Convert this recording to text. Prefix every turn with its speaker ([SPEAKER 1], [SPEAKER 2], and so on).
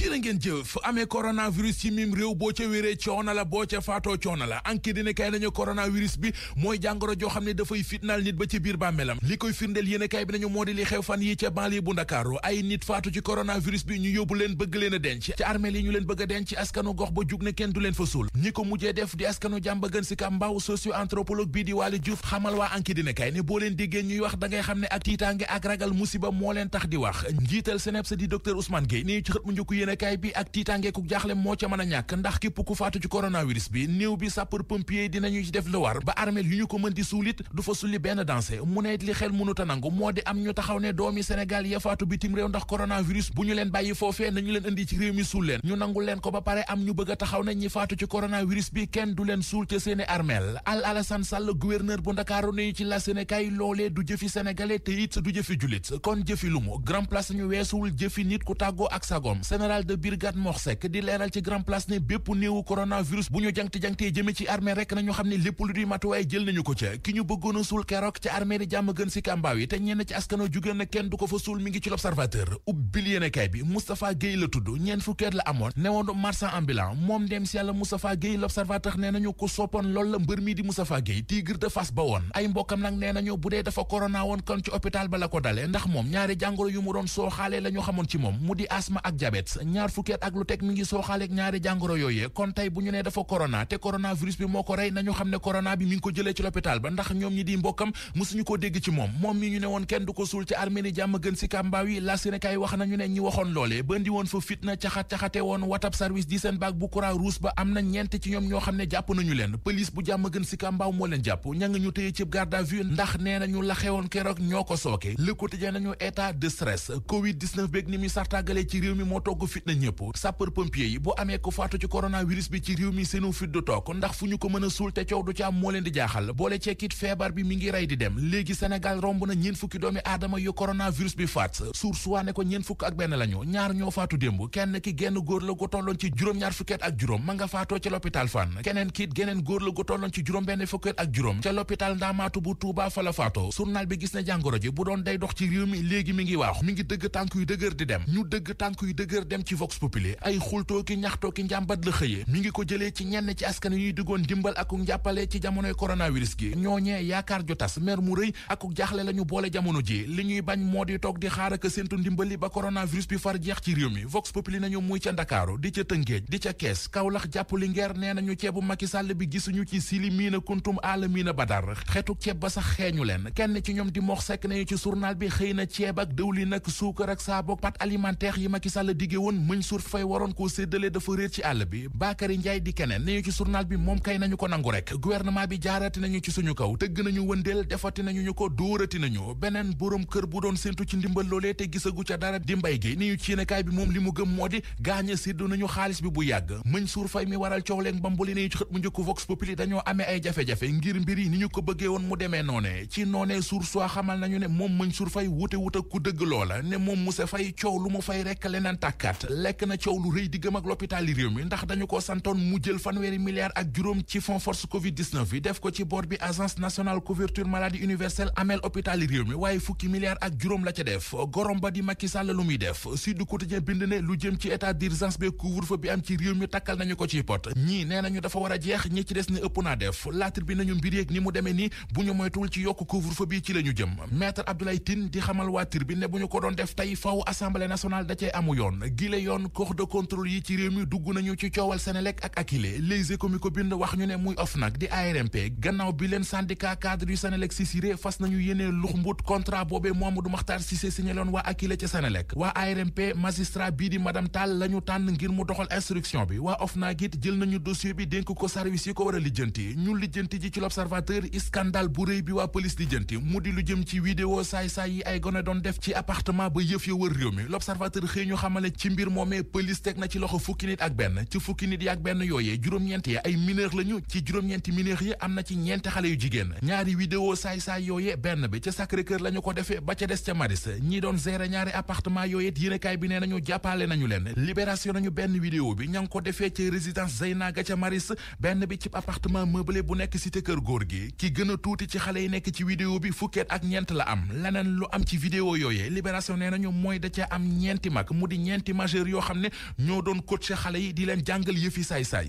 [SPEAKER 1] jërë ngeen jëf amee coronavirus ci mim réew boo ca wéree coono la boo ca faatoo coono la enquête dina nañu coronavirus bi mooy jàngoro joo xam ne dafay fitnaal nit ba ci biir bàmmeelam li koy firndeel yéen bi nañu moo di li xew fan yi ca banlieue bu Ndakaaru ay nit faatu ci coronavirus bi ñu yóbbu leen bëgg leen a denc ci armeel yi ñu leen bëgg a denc askanu gox ba jug ne kenn du leen fa ñi ko mujjee def di askanu jàmba gën mbaaw socio leen déggee ñuy wax da ngay xam ne ak tiitaange ak ragal musiba moo leen tax di wax njiital SNEIPS di yéenekaay bi ak tiitangeeku jaaxle moo ca mën a ñàkk ndax képp ku faatu ci coronavirus bi néew bi sapeur pompier dinañu ci def lu war ba armeel yu ñu ko mën di suulit du fa sulli benn danse mu ne li xel mënut a nangu moo di am ñu taxaw ne doomi Sénégal ya faatu bitim réew ndax coronavirus bu ñu leen bàyyi foofee nañu leen indi ci réew mi suul leen ñu nangul leen ko ba pare am ñu bëgg a taxaw ne ñi faatu ci coronavirus bi kenn du leen suul ca seeni armeel Al Alassane Sall gouverneur bu Ndakaaru ne ci la Sénégal loolee du jëfi sénégalais te it du jëfi jullit kon jëfi lu mu grand place ñu weesuwul jëfi nit ku tàggoo ak sagom général de brigade Mor Seck di leeral ci grand place ne bépp néewu coronavirus bu ñu jangti-jangtee jëme ci armée rek nañu xam ne lépp lu di matuwaay jël nañu ko ca ki ñu bëggoon suul keroog ci armée di jàmm gën si yi te ñenn ci askano jugéen na kenn du ko fa suul mi ngi ci l'observateur ubbil yéenekaay bi Moustapha Guèye la tudd ñeent fukki la amoon newoon marchand ambulant moom dem si yàlla Moustapha Guèye l'observateur nee nañu ko soppoon loolu la mbër de Fass ba kon ci hôpital ba la ko dale ndax moom ñaari moom mu ñaar fukki at ak lu teg mi ngi sooxaaleeg ñaari jàngoro yooyee kon tey bu ñu nee dafa corona te coronavirus bi moo ko rey nañu xam ne corona bi mi ngi ko jëlee ci l'hôpital ba ndax ñoom ñi di mbokkam musuñu koo dégg ci moom moom mi ñu ne woon kenn du ko suul ci arménie jàmm gën si yi la wax nañu ne ñi waxoon loolee ba ndi woon fa fitna caxat-caxate woon watab service di seen baag bu Croix Rouge ba am na ñeent ci ñoom ñoo xam ne jàpp nañu leen police jàmm gën si kàmbaaw moo leen jàpp ña ñoo ko sooke le quotidien nañu ci réew mi moo togg fit fit nañ ñëpp sapeur pompier yi bu amee ko faatu ci coronavirus bi ci réew mi a suul te coow du ci am moo leen di jaaxal boole ceekit feebar bi mi ngi rey di dem léegi Sénégal romb na ñeen ne ko ñeen fukk ak benn lañu ñaar ñoo faatu démb kenn ki genn góor la gu tolloon ci juróom-ñaar fukkeet ak juróom ma nga faatoo ci l'hôpital Fann keneen kiit geneen góor la gu tolloon ci juróom benn fukkeet ak juróom ca l'hôpital Ndamaatu bu Tuubaa la faatoo journal bi gis ne jàngoro ji bu doon day dox ci réew mi léegi mi ngi waaxu mi ngi dëgg tànk yu dëgër di dem ñu dëgg tànk yu dëgër dem ci Vox Populi ay xultoo ki ñaxtoo ki njàmbat la xëyee mi ngi ko jëlee ci ñenn ci askan yuy diggoon dimbal ak njàppale ci jamonoy coronavirus gi ñooñee yaakaar ju tas mer mu rëy ak jaaxle la ñu boole jamono ji li ñuy bañ moo di toog di xaar ak séntu ndimbali ba coronavirus bi far jeex ci réew mi Vox Populi nañu muy ca Ndakaaru di ca Tëngéej di ca Kees Kaolack jàpp Linguère nee nañu ceebu Macky sàll bi gisuñu ci sili miina kuntum aala miina badar xeetu ceeb ba sax xeeñu leen kenn ci ñoom di mox sekk nañu ci bi xëy na ceeb ak dëwlin ak suukar ak saabu pat alimentaire yi Macky Sall dige woon mëñ Mansour fay waroon koo séddale dafa réer ci àll bi Bakary Ndiaye di keneen nañu ci journal bi moom kay nañu ko nangu rek gouvernement bi jaarati nañu ci suñu kaw dëgg nañu wëndeel defati nañu ñu ko dóorati nañu beneen borom kër bu doon séntu ci ndimbal loolee te gisagu ca dara di mbay gi ni ñu ci yéenekaay bi moom li mu gëm moo di gaaña séddu nañu xaalis bi bu yàgg Mansour Faye mi waral coow leen bambuli nañu ci xët mu njëkku Vox Populi dañoo amee ay jafe mbir yi ni ñu ko bëggee woon mu demee noone ci noone suur soo xamal nañu ne moom Mansour Faye wute wut ak ku dëgg loola ne moom Moussa Faye coow lu mu fay rekk leneen tàkkaat lekk na coow lu rëy di gëm ak l'hôpital yi réew mi ndax dañu ko santoon mu jël fanweeri milliards ak juróom ci fonds force covid 19 yi def ko ci bor bi agence nationale couverture maladie universelle ameel hôpital yi réew mi waaye fukki milliards ak juróom la ca def gorom ba di Macky Sall lu muy def Sud Quotidien bind ne lu jëm ci état d'urgence be couvre-feu bi am ci réew mi takkal nañu ko ci pot ñii nee nañu dafa war a jeex ñi ci des ne ëpp naa def laatir bi nañu ni mu demee yokk couvre-feu bi ci la ñu jëm ne bu ko doon def tey faw assemblée nationale da cee amu yoon la yoon corps de contrôle yi ci réew mi dugg nañu ci coowal Senelec ak Akilee Les Échos mi ko bind wax ñu ne muy OFNAC di ARMP gannaaw bi leen syndicat cadre yu Senelec si siré fas nañu yénee lux mbut contrat boobee Mamadou Makhtar Cissé signaloon waa Akilee ca Senelec waa ARMP magistrat bii di madame Tall la ñu tànn ngir mu doxal instruction bi waa OFNAC it jël nañu dossier bi dénk ko service yi ko war a lijjanti ñu lijjanti ji ci l'observateur scandale bu rëy bi waa police lijjanti mu di lu jëm ci vidéo saay-saay yi ay gone doon def ci appartement ba yëf mbir moomee pëlis teg na ci loxo fukki nit ak benn ci fukki nit yi ak benn yooyee juróom-ñeent yi ay mineur lañu ci juróom-ñeenti mineur yi am na ci ñeenti xale yu jigéen ñaari la ñu ko defee ba ca des ca Maris ñi doon gérer ñaari appartement yooyee yéenekaay bi nee nañu jàppale nañu leen libération nañu benn vidéo bi ña ko defee ci résidence Zeyna ga ca Maris benn bi ci appartement meublé bu nekk cité kër góor gi ki gën a tuuti ci xale yi nekk ci vidéo bi fukkeet ak ñeent la am leneen lu am ci vidéo yooyee libération nee nañu mooy da ca am ñeenti mag majeur yoo xam ne ñoo doon coacher xale yi di leen jàngal yëfi saay-saay